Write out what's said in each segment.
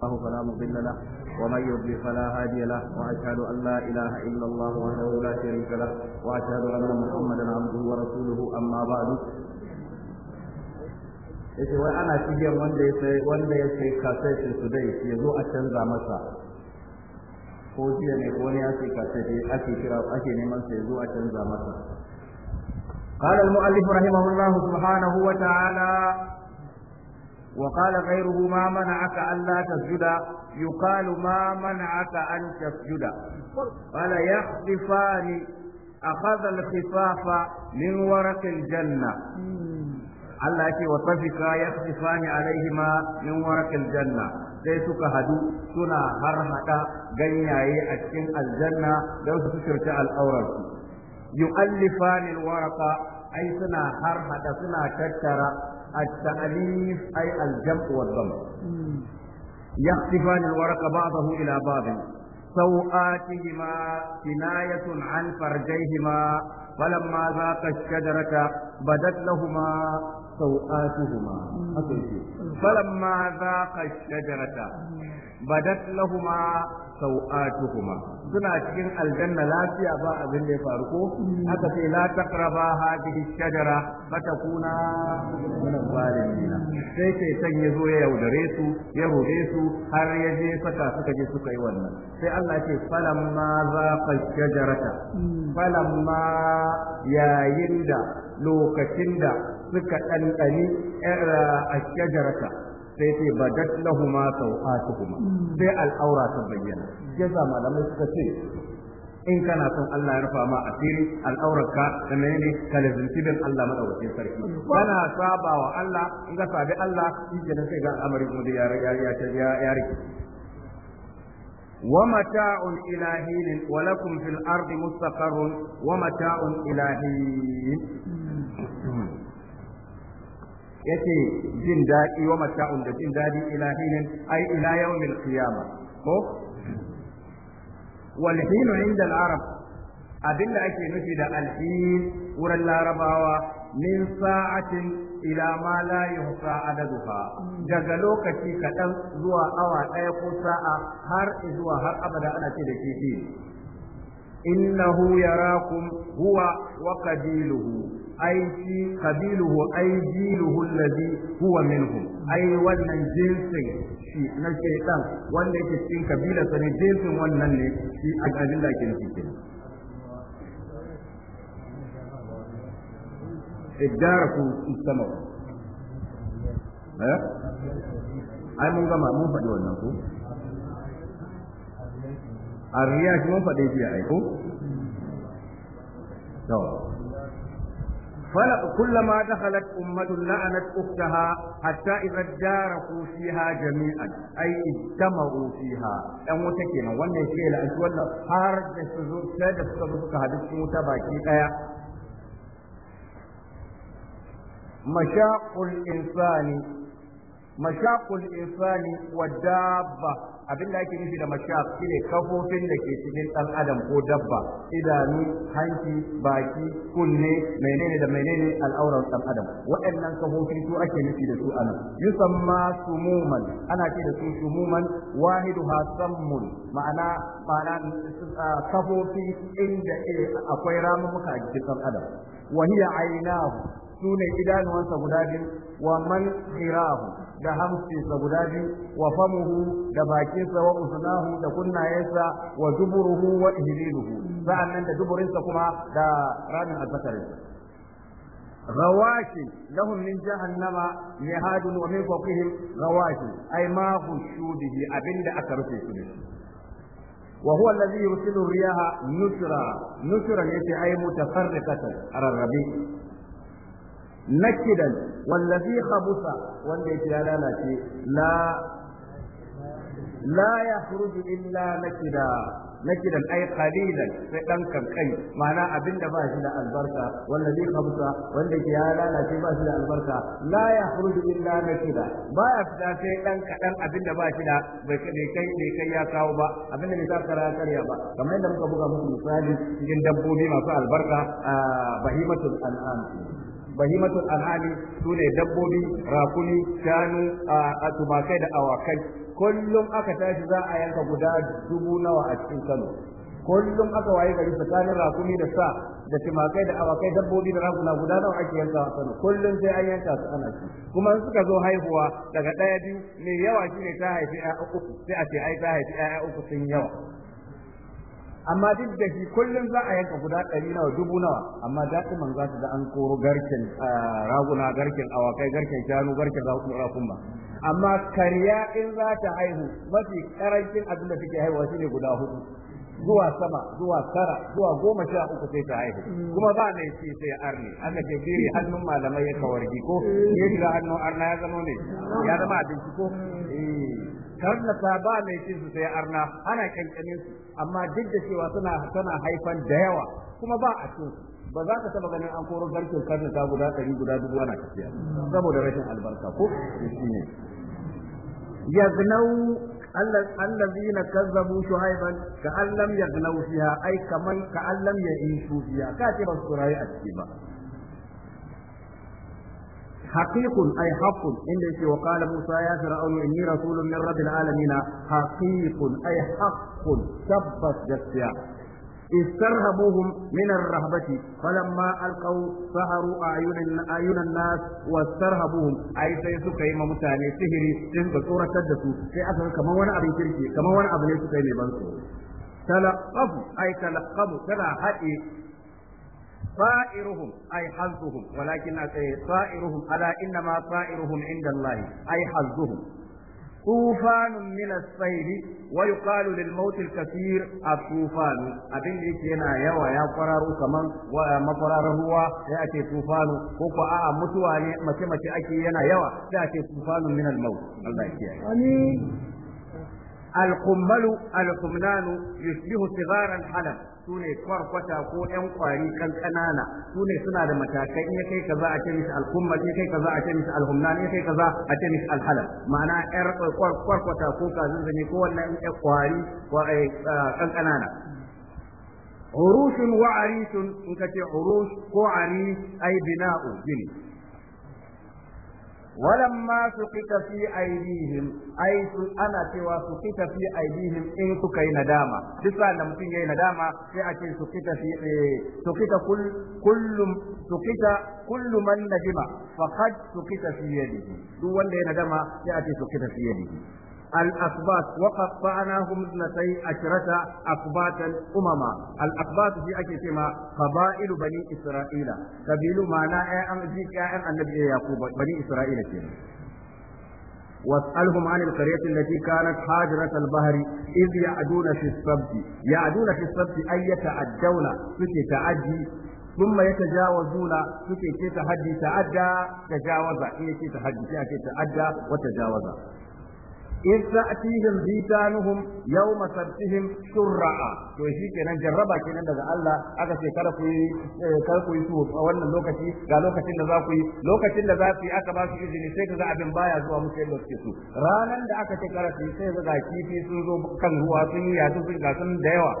الله فلا مضل له ومن يضلل فلا هادي له واشهد ان لا اله الا الله وحده لا شريك له واشهد ان محمدا عبده ورسوله اما بعد yace wai ana cikin wanda ya sai wanda ya sai kasai su dai ya zo a canza masa ko ne ko ya sai kasai dai ake neman sai ya zo a canza masa qala al mu'allif rahimahullah subhanahu wa ta'ala وقال غيره ما منعك ألا تسجد يقال ما منعك أن تسجد قال يخطفان أخذ الخفاف من ورق الجنة Allah ya ce wa tafika ya tsifani ma min warakil janna sai suka hadu suna har hada ganyaye a cikin aljanna don su shirta al'aurar su yu'allifani alwaraqa ai suna har hada suna tattara التأليف أي الجمع والضم يختفان الورق بعضه إلى بعض سوآتهما كناية عن فرجيهما فلما ذاق الشجرة بدت لهما سوآتهما فلما ذاق الشجرة badat lahuma sau'atuhuma suna cikin aljanna lafiya ba abin da ya faru ko aka ce la taqraba hadhihi shajara fatakuna min zalimin sai ke san ya zo ya yaudare su ya rode su har ya je saka suka je suka yi wannan sai Allah ya ce falamma zaqa shajarata falamma yayin da lokacin da suka ɗanɗani eh, a shajarata sai ce badat lahuma kuma. sai al'aura ta bayyana yasa malamai suka ce in kana son Allah ya rufa ma asiri al'aurarka da menene ka lazimci bin Allah madaukakin sarki kana saba wa Allah in ka sabi Allah yake da sai ga al'amari kuma da yare yare ya yare ومتاع إلى حين ولكم في الأرض مستقر ومتاع إلى حين yace jin daɗi wa mata'un da jin daɗi ilahinin ai ila yawmil qiyama ko wal hinu inda al-arab abinda ake nufi da alhin wurin larabawa min sa'atin ila ma la yuhsa adaduha daga lokaci kaɗan zuwa awa ɗaya ko sa'a har zuwa har abada ana ce da kifi innahu yarakum huwa wa qabiluhu aiki kabiluhu ai jiluhu huwa minhu ai wannan jinsin shi na shaytan wanda yake cikin kabila sani jinsin wannan ne shi abin da ke Idara ku sama eh ai mun gama mun faɗi wannan ko shi mun faɗi jiya ai ko to فكلما دخلت أمة لعنت أختها حتى إذا اداركوا فيها جميعا أي اجتمعوا فيها أن وتكينا وأن يشيل أجوالا هارد سزور سادة سبسك هدف متباكي مشاق الإنسان mashakul insani wa dabba abinda ake nufi da mashak shine kafofin da ke cikin dan adam ko dabba idanu hanci baki kunne menene da menene al'auran dan adam waɗannan kafofi su ake nufi da su anan yusamma sumuman ana ce da su sumuman wahidu hasammun ma'ana ma'ana kafofi inda eh, akwai ramuka a jikin dan adam wa hiya ainahu sune idanuwansa guda biyu wa man khirahu da hamsinsa guda biyu wa famuhu da bakinsa wa usnahu da kunnayensa wa zuburuhu wa ihliluhu sa'an nan da duburinsa kuma da ramin azzakarin rawashi lahum min jahannama mihadun wa min fawqihim rawashi ay ma khushudihi abinda aka rufe su da wa huwa alladhi yursilu riyaha nusra nusra yati ay mutafarriqatan ararabi nakidan wallazi khabusa wanda yake ya lalace la la yakhruju illa nakida nakidan ay qalilan sai dan kankan ma'ana abinda ba shi da albarka wallazi khabusa wanda ya lalace ba shi da albarka la yakhruju illa nakida baya fita sai dan kadan abinda ba shi da bai kai kai kai ya kawo ba abinda bai saka ra karya ba kamar yadda muka buga muku misali cikin dabbobi masu albarka bahimatul an'am bahimatul anami sune dabbobi rakuni shanu a tumakai da awakai kullum aka tashi za a yanka guda dubu nawa a cikin Kano kullum aka waye gari tsakanin rakumi da sa da tumakai da awakai dabbobi da raguna guda nawa ake yanka a Kano kullum sai an yanka su ana ci kuma suka zo haihuwa daga ɗaya biyu mai yawa shine ta haifi ƴaƴa uku sai a ce ai ta haifi ƴaƴa uku sun yawa amma duk da shi kullum za a yanka guda ɗari nawa dubu nawa amma kuma za su da an koro garken raguna garken awakai garken shanu garken rakun ba amma karya in za ta haihu mafi karancin abin da suke haihuwa shine guda hudu zuwa sama zuwa tara zuwa goma sha uku sai ta haihu kuma ba mai shi sai arni da ke biri hannun malamai ya kawargi ko ya shiga hannun arna ya zama ne ya zama abinci ko eh. karnasa ba mai cin su sai arna ana kankanin su amma duk da cewa suna tana haifan da yawa kuma ba a cin su ba za ka taba ganin an koro garkin ta guda ɗari guda dubu ana tafiya saboda rashin albarka ko shi ne yagnau allazina kazzabu shuhaiban ka allam yagnau fiha ai kaman ka allam ya in fiha ka ce ba su rayu a ciki ba haqiqun ay haqqun inda yake wa qala musa ya fir'aunu inni rasulun min rabbil alamin haqiqun ay haqqun tabbas gaskiya استرهبوهم من الرهبة فلما ألقوا سهروا أعين أعين الناس واسترهبوهم أي سيسو كيما متاني سهري سيسو سورة تدسو في أثر كما وانا أبن كريكي كما وانا أبن يسو كيما بانسو تلقفوا أي تلقفوا تلا حقي طائرهم أي حظهم ولكن طائرهم ألا إنما طائرهم عند الله أي حظهم طوفان من الصيد ويقال للموت الكثير الطوفان أبن يكينا يوى يا قرار كمان وما قرار هو يأتي طوفان وقع آه متواني متمتي أكينا يوى يأتي طوفان من الموت الله يكينا آمين القمل القمنان يشبه صغار الحلب su ne kwarkwata ko ƴan kwari kan kanana su ne suna da matakai in ya kai kaza a ce mishi kumma in ya kai kaza a ce mishi alhumna in ya kai kaza a ce mishi halal ma'ana ƴar kwarkwata ko kazin zane ko wannan ƴan kwari eh, ah, kan kanana عروش وعريش ce urush ko وعريش أي bina'u جني ولما سقط في أيديهم أي أنا سوى سقط في أيديهم إن سكي ندامة ممكن لمتين يي ندامة سأتي سقط في سقط كل كل سقط كل من ندم فقد سقط في يده دو وند ندامة سأتي سقط في يده الأقباط وقطعناهم اثنتي عشرة أقباطا أمما الأقباط في أكتما قبائل بني إسرائيل قبيل معنا أمزيك النبي يعقوب بني إسرائيل كنا واسألهم عن القرية التي كانت حاجرة البحر إذ يعدون في السبت يعدون في السبت أي يتعدون سكي تعدي ثم يتجاوزون سكي تحدي تعدى تجاوز إيه تحدي تعدى وتجاوز إذ تأتيهم بيتانهم يوم سبتهم شرعا to shi kenan jarraba kenan daga Allah aka ce kada ku yi ku yi su a wannan lokaci ga lokacin da za ku yi lokacin da za ku yi aka ba su izini sai ka ga abin baya zuwa musu yadda suke so ranan da aka ce kada su yi sai ga kifi sun zo kan ruwa sun yi yasu sun ga sun da yawa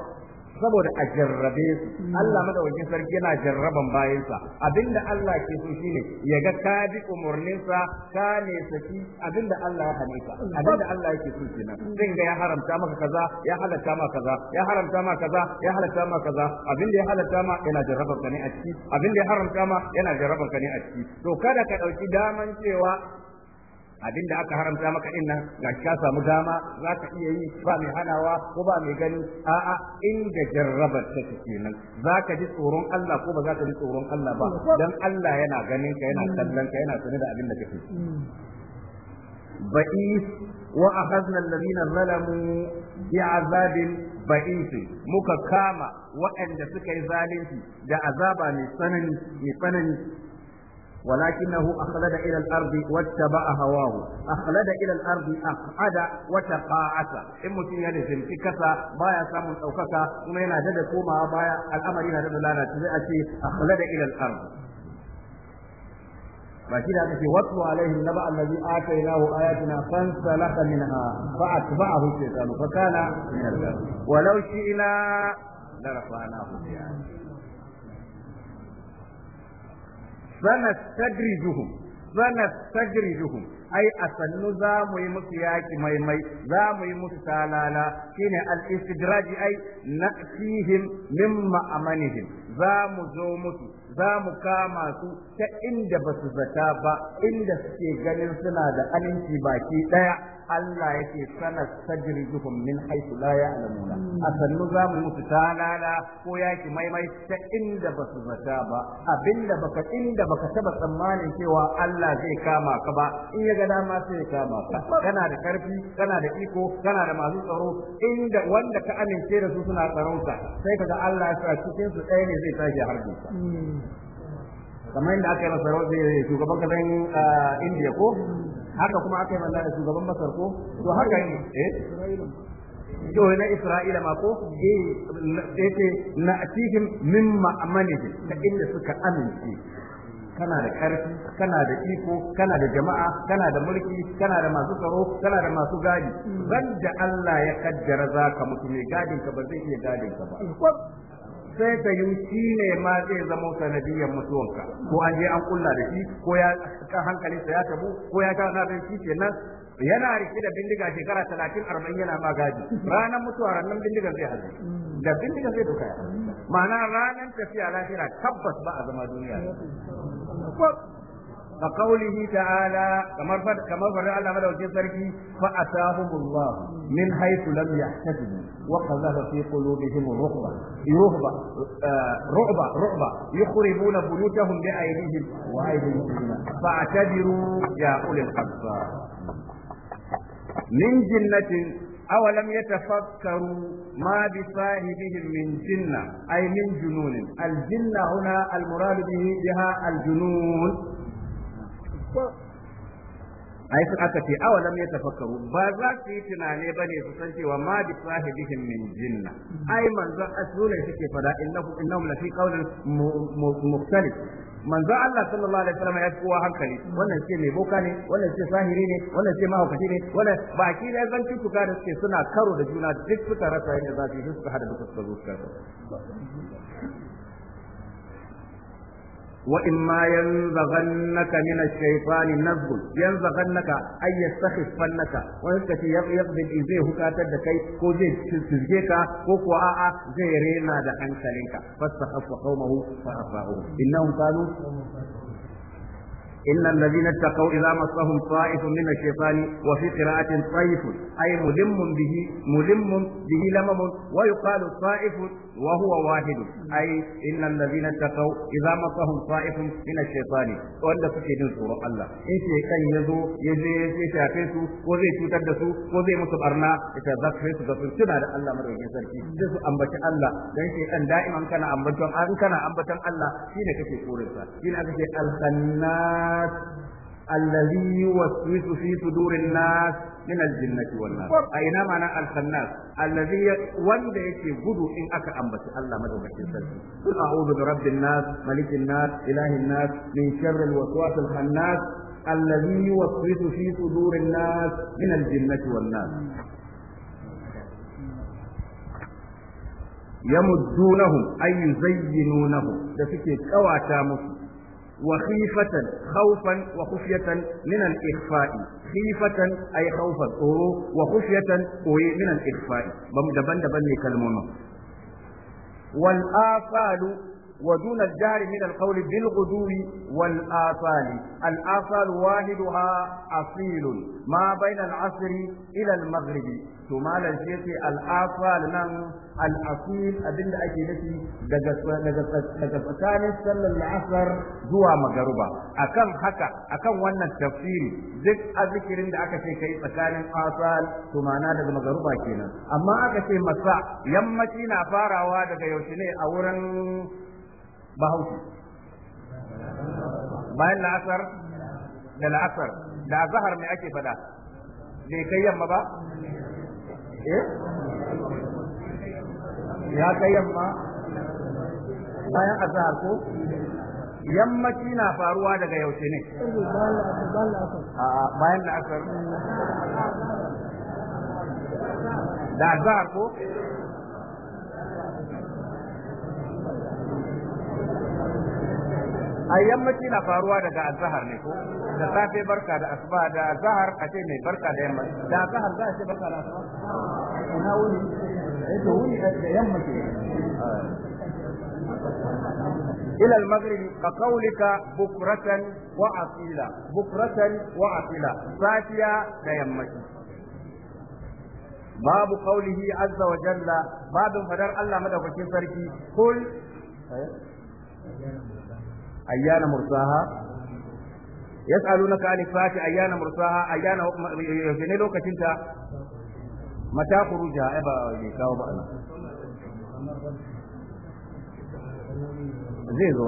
saboda a jarrabe su hmm. Allah madaukakin sarki yana jarraban bayansa abinda Allah ke so shine ya ga ka bi umurninsa ka ne saki abinda Allah ya hane hmm. abinda Allah yake so kenan hmm. zai ga ya haramta maka kaza ya halatta maka kaza ya haramta maka kaza ya halatta maka kaza abinda ya halatta ma yana jarraban ka ne a ciki abinda ya haramta ma yana jarraban ka ne a ciki to kada ka dauki daman cewa abinda aka haramta maka din nan ga ka samu dama za ka iya yi ba mai hanawa ko ba mai gani a'a inda jarrabar ta nan. za ka ji tsoron Allah ko ba za ka ji tsoron Allah ba dan Allah yana ganin ka yana kallon ka yana sanar da abin da kake ba'is wa akhadna alladhina zalamu bi'azabin ba'isi muka kama waɗanda suka yi zalunci da azaba mai tsanani mai tsanani ولكنه أخلد إلى الأرض واتبع هواه أخلد إلى الأرض أقعد وتقاعس إن متين يعني في كسا بايا سامن أو كسا وما ينادد كوما بايا الأمر ينادد لنا تزأتي أخلد إلى الأرض ba shi da aka ce watlu alaihim naba allazi atainahu ayatina fansalakha minha fa atba'ahu shaytanu fa kana min a ghawin walau sanastadrijuhum sanastadrijuhum ai a sannu za mu yi musu yaki maimai za mu yi musu talala shine al-istidraji ai na'tihim mimma amanihim za mu zo musu za mu kama su ta inda ba su zata ba inda suke ganin suna da aminci baki ɗaya. Allah yake sana tajriduhum min haythu la ya'lamuna asannu za mu musu talala ko yaki maimai ta inda basu zata ba abinda baka inda baka taba tsammanin cewa Allah zai kama ka ba in ya ga dama sai ya kama ka kana da karfi kana da iko kana da masu tsaro inda wanda ka amince da su suna tsaron ka sai kaga Allah ya sa cikin su ɗaya ne zai tashi harbi ka hmm. kamar yadda aka yi masa rawar shugaban kasan ah, indiya ko haka kuma aka yi mallaka da shugaban masar ko to haka ne eh to na isra'ila ma ko eh na atihim min ma'amanihim da inda suka amince kana da karfi kana da iko kana da jama'a kana da mulki kana da masu tsaro kana da masu gadi da Allah ya kaddara zaka mutu gadin ka ba zai iya gadin ka ba sai ta yi shi ne ma zai zama sanadiyar mutuwanka ko an je an kulla da shi ko ya hankali sa ya tabu ko ya ta na shi kenan yana rike da bindiga shekara talatin arba'in yana magadi ranar mutuwa ranar bindigar zai hazi da bindigar zai duka ma'ana ranar tafiya lafiya tabbas ba a zama duniya ka kaulihi ta'ala kamar fa kamar fa Allah madaukakin sarki fa atahumullah min haythu lam yahtasibu wa qadhafa fi qulubihim ruhba ruhba eh, ruhba ruhba yukhribuna buyutahum bi aydihim wa aydil mu'minina fa'tadiru ya ulil absar min jinnatin أولم يتفكروا ما بصاحبهم من جنة أي من جنون الجنة هنا المراد به بها الجنون ai sun aka ce awalam ya tafakkaru ba za su yi tunane ba ne su san cewa ma bi sahibihim min jinna ai manzo asule suke fada innahu innahum fi qawlin mukhtalif manzo Allah sallallahu alaihi wasallam ya fi kowa hankali wannan ce mai boka ne wannan ce sahiri ne wannan ce mahaukaci ne wannan baki da zan tuka da suke suna karo da juna duk suka rasa yadda za su yi suka hada duka suka zo suka وإما ينزغنك من الشيطان نزغ ينزغنك أي يستخفنك وإنك يقضي إزيه هكاتا دكي كوزي تزجيك كوكو آآ زيرينا دعنك لنك فاستخف قومه فأفاهم إنهم كانوا إن الذين اتقوا إذا مسهم طائف من الشيطان وفي قراءة طيف أي ملم به ملم به لمم ويقال طائف وهو واحد أي إن الذين اتقوا إذا مسهم طائف من الشيطان وأن سكين سورة الله إن شيطان يزو يجي يشافيس وزي تتدسو وزي مصبرنا يتذكرس غفر سنة الله مرة يسرك جزو أنبت الله لأن شيطان دائما كان أنبت أن كان أنبت الله شين كشي سورة شين كشي الخنان الناس الذي يوسوس في صدور الناس من الجنة والنار أين معنى الخناس الذي وند يكي غدو إن أكا أنبت الله مدعو قل أعوذ برب الناس ملك الناس إله الناس من شر الوسواس الخناس الذي يوسوس في صدور الناس من الجنة والناس يمدونهم أي يزينونهم ده فكي كواتا مصر وخيفة خوفا وخفية من الإخفاء خيفة أي خوفا وخفية من الإخفاء بمدبن دبن كلمة والآفال ودون الجهر من القول بالغدو والآصال الآصال واحدها أصيل ما بين العصر إلى المغرب to malam shi yace al-afal nan al-asil abinda ake nufi daga daga daga tsakanin sallar asar zuwa magaruba akan haka akan wannan tafsiri duk azikirin da aka ce kai tsakanin asal to ma'ana daga magaruba kenan amma aka ce masa yammaci na farawa daga yaushe ne a wurin bahaushe bayan la'asar da la'asar da zahar mai ake fada bai kai yamma ba Eh? ya kai yamma bayan azhar ko yammaci na faruwa daga yaushe ne bayan da da azhar ko a yammaci na faruwa daga azahar ne ko da safe barka da asuba da azahar a ce mai barka da yammaci da azahar za a ce barka da asuba ina wuri ita eh, wuri da yammaci ila al-maghrib ka qawlika bukratan wa asila bukratan wa asila safiya da yammaci babu qawlihi azza wa jalla babu fadar Allah madaukakin sarki kul eh? ayyana mursaha yas'alunaka an sa'ati ayyana mursaha ayyana ne lokacin ta mata khuruja ba ya kawo ba ana zai zo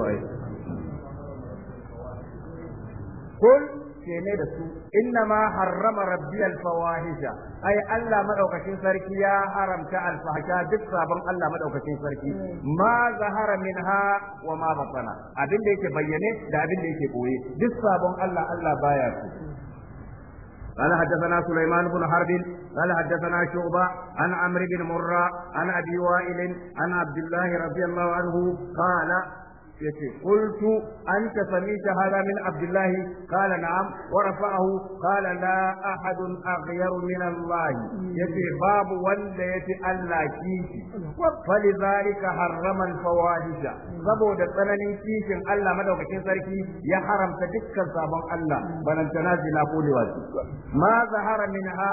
ke ne da su inna ma harrama rabbiyal fawahisha ai Allah madaukakin sarki ya haramta alfahisha duk sabon Allah madaukakin sarki ma zahara minha wa ma batana abin da yake bayyane da abin da yake boye duk sabon Allah Allah baya su قال حدثنا سليمان بن حرب قال حدثنا شعبة عن عمرو بن مرة عن أبي وائل عن عبد الله رضي الله عنه قال yace qultu anta samita hada min abdullah qala na'am wa rafa'ahu qala la ahad aghyaru min allah yace babu wanda ci allah kishi falidhalika harrama alfawahisha saboda tsananin kishin allah madaukakin sarki ya haramta dukkan sabon allah balantana zina ko liwati ma zahara minha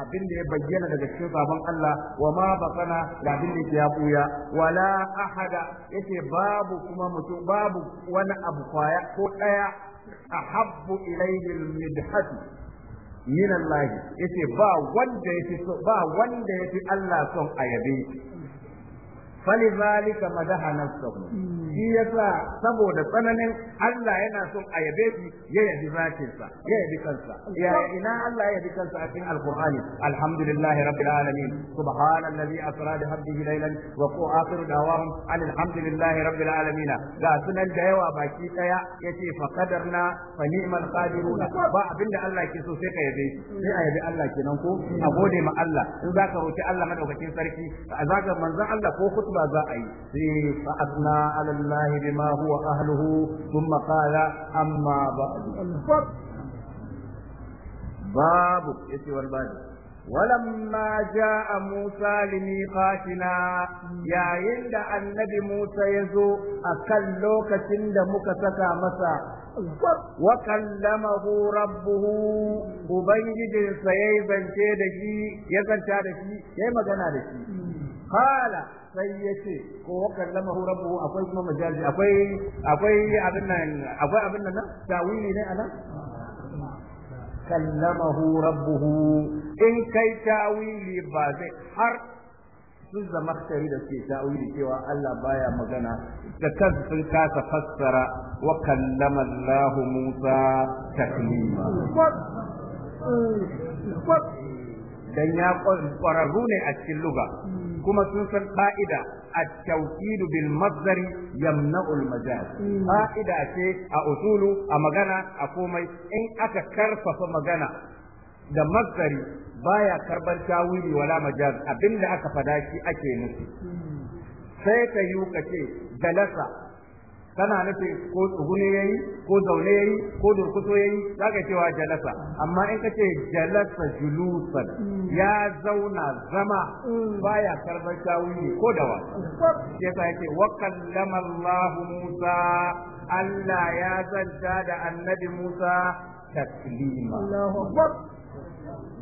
abin da ya bayyana daga cikin sabon Allah wa ma batana da abin da ya buya wala ahada yace babu kuma mutum babu wani abu kwaya ko daya ahabbu ilayhi al min Allah yace ba wanda yafi ba wanda yafi Allah son ayabe zalika madaha nafsahu hmm. shi yasa saboda tsananin Allah yana son a yabe shi ya yabi zakin sa ya yabi kansa ya ina Allah ya yabi kansa a cikin alqur'ani alhamdulillahi rabbil alamin subhanallazi asra bi abdihi laylan wa qu akhir dawahum alhamdulillahi rabbil alamin ga sunan da yawa baki daya yace fa qadarna fa ni'mal qadirun ba abinda Allah ke so sai ka yabe shi sai a yabi Allah kenan ko a gode ma Allah in zaka roki Allah madaukakin sarki zaka manzon Allah ko ba za a yi sai fa asna ala Allah bima huwa ahluhu amma ba babu yace wal babu jaa musa yayin da annabi musa yazo akan lokacin da muka saka masa وكلمه ربه وبين جنسيه بنتي دجي يزن تعرفي magana da shi. Kala sai ya yace ko kallamahu buhu akwai kuma majazi akwai akwai abin nan akwai abin nan tawili ne anan kallamahu rabbuhu in kai tawili ba zai har sun zama kari da ke ta'awili cewa Allah baya magana da kansu sun kasa fassara wa kallama Allah Musa taklima dan ya kwararru ne a cikin luga kuma sun san ba'ida a tawkidu bil mazhar yamna'ul majaz ƙa'ida mm. ce a usulu a magana a komai in aka karfafa magana da mazhari baya karban tawili wala majaz abinda aka fada shi ake nufi mm. sai ka yi ce dalasa kana nufin ko tsugune yayi ko zaune yayi ko durkuso yayi zaka cewa jalasa amma in ka ce jalasa julusan ya zauna zama mm. baya karbar tawuni ko da wa yasa yake wa kallama Allah Musa Allah ya zanta da annabi Musa taklima Allahu Akbar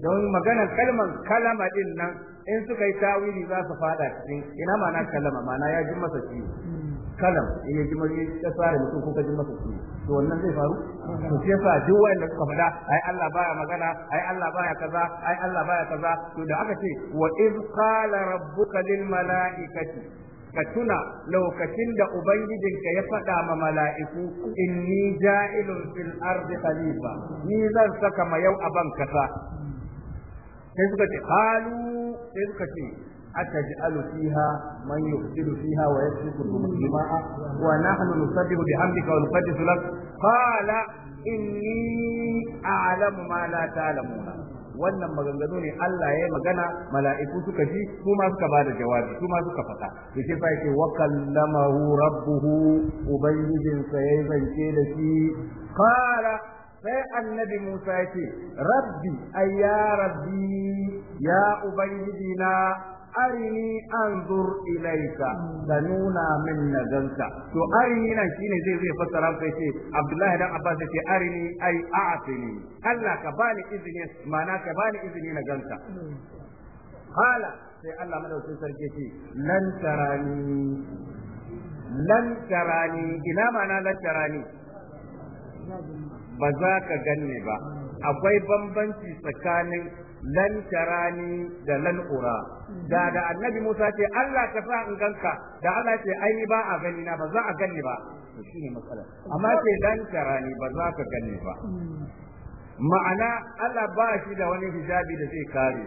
don maganar kalman kalama din nan in suka yi tawili za su fada cikin ina ma'ana kalama ma'ana ya ji masa ciwo mm. kalam in ya ji mai ya tsare mutum ko ka ji masa su to wannan zai faru to sai fa duk wanda suka faɗa ai Allah baya magana ai Allah baya kaza ai Allah baya kaza to da aka ce wa iz qala rabbuka lil malaikati ka tuna lokacin da ubangijinka ya faɗa ma mala'iku inni ja'ilun fil ardi khalifa ni zan saka ma yau a ban kasa sai suka ce halu. sai suka ce أتجعل فيها من يفسد فيها ويسفك الدماء ونحن نسبح بحمدك ونقدس لك قال inni alamu ما لا تعلمون wannan maganganu ne Allah ya yi magana mala'iku suka ji su ma suka ba da jawabi su ma suka faɗa to shi fa yake wa kallamahu rabbuhu ubangijin sa yayi zance da shi qala sai annabi Musa yake rabbi ay ya rabbi ya ubangijina arini zur ilaika ka nuna min na ganka to arini nan shine zai zai fassara sai ce Abdullahi dan Abbas sai arini ai a'tini Allah ka bani izini mana ka bani izini na ganka qala sai Allah madaukakin sarki ce lan tarani lan tarani ina mana lan tarani ba za ka ganni ba akwai bambanci tsakanin lan tarani da lan ura da da annabi Musa ce Allah ka sa in ganka da Allah ce ai ba a gani na ba za a gani ba shine matsala amma ce dan tarani ba za ka gani ba ma'ana Allah ba shi da wani hijabi da zai kare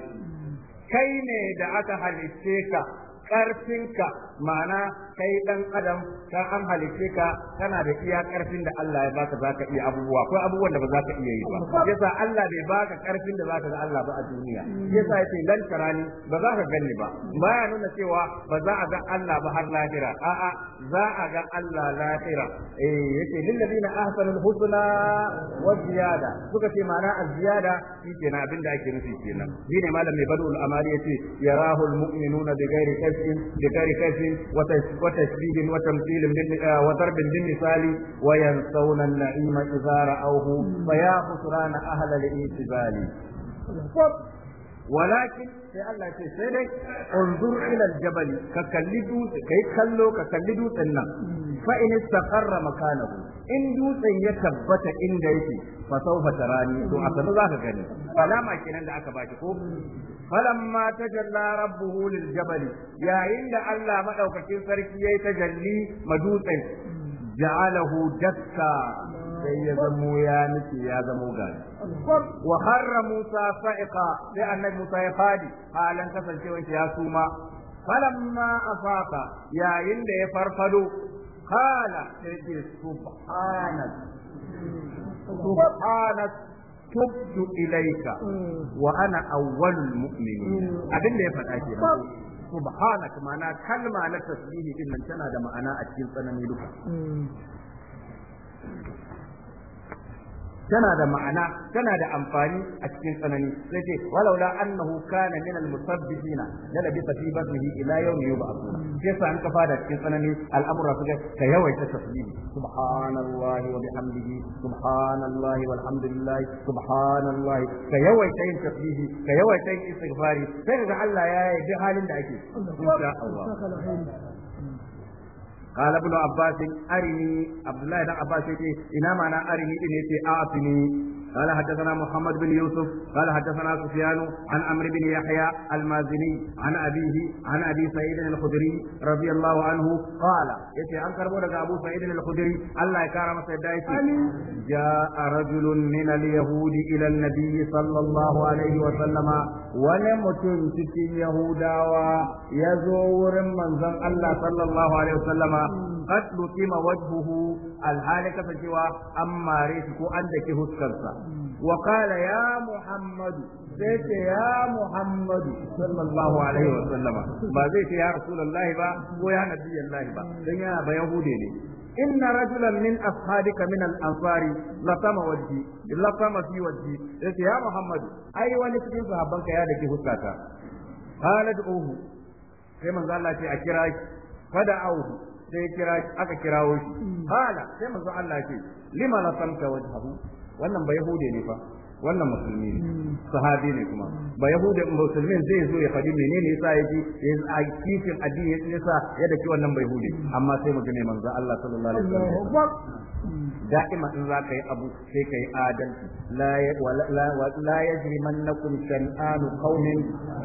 kai ne da aka halicce ka Ƙarfinka ma'ana kai ɗan adam ta an halice ka kana da iya ƙarfin da Allah ya baka iya abubuwa ko abubuwan da ba ka iya yi ba yasa Allah bai baka karfin da zaka ga Allah ba a duniya yasa yace lan tarani ba za ka gani ba baya nuna cewa ba za a ga Allah ba har lahira a'a za a ga Allah lahira eh yace lil ladina ahsanul husna wa ziyada suka ce ma'ana az-ziyada kenan abinda ake nufi kenan ne malam mai badul amali yace yarahul mu'minuna bi ghairi كشف بغير كشف وتشبيه وتمثيل وضرب بالمثال وينسون النعيم إذا رأوه فيا خسران أهل الانتبال ولكن sai Allah ce sai dai unzur ila aljabal ka kalli dutse kai kallo ka kalli dutsen nan fa in istaqarra makanahu in dutsen ya tabbata inda yake fa sawfa tarani to a sanu zaka gani alama kenan da aka baki ko فلما تجلى ربه للجبل يا عند الله ما دوكين سركي ياي تجلي مدوتين جعله دكا sai ya zamo ya nake ya zamo gari wa harra Musa sa'iqa sai annabi Musa ya fadi halan kasancewar shi ya suma falamma afafa yayin da ya farfado kala sai tubtu ilaika mm. wa ana awwalul mu'minin mm. abin da ya faɗa ke subhanaka ma'ana kalma na tasbihi din nan tana da ma'ana a cikin tsanani duka mm. tana da ma'ana tana da amfani a cikin tsanani sai ce walaula annahu kana min al-musabbihina la labisa fi batnihi ila yawm yub'ath sai sa an kafa da cikin tsanani al'amura su ka yawaita tasbihi subhanallahi wa bihamdihi subhanallahi walhamdulillahi subhanallahi ka yawaita yin tasbihi ka yawaita yin istighfari sai ga Allah ya yi halin da ake insha Allah قال ابن عباس أرني عبد الله بن عباس يقول إنما أنا أرني إن يتي أعطني قال حدثنا محمد بن يوسف قال حدثنا سفيان عن عمرو بن يحيى المازني عن أبيه عن أبي سعيد الخدري رضي الله عنه قال يتي عن كربونك أبو سعيد الخدري الله يكرم سيدايتي جاء رجل من اليهود إلى النبي صلى الله عليه وسلم ولمتن تكي يهودا يزور من زن الله صلى الله عليه وسلم قد لقم وجهه alhali kasancewa an mare shi ko an daki huskarsa وقال يا محمد زيت يا محمد صلى الله عليه وسلم ما زيت يا رسول الله با ويا نبي الله با دنيا بيهودي لي إن رجلا من أصحابك من الأنصار لطم وجهي لطم في وجهي زيت يا محمد أي ولكن صحابك يا لكي حسكاتا قال ادعوه sai manzo Allah ce a kira shi fada auhu sai kira aka kirawo shi qala sai manzo Allah ce lima latamta wajhahu wannan ba yahude ne fa wannan musulmi ne hmm. sahabi ne kuma hmm. ba yahuda musulmin zai zo ya faɗi menene yasa yaji a kifin addini yasa ya daki wannan bai hude hmm. amma sai mu gane manzo Allah sallallahu alaihi wasallam da'ima in za ka yi abu sai ka yi adalci la yajrimannakum shan'anu qaumin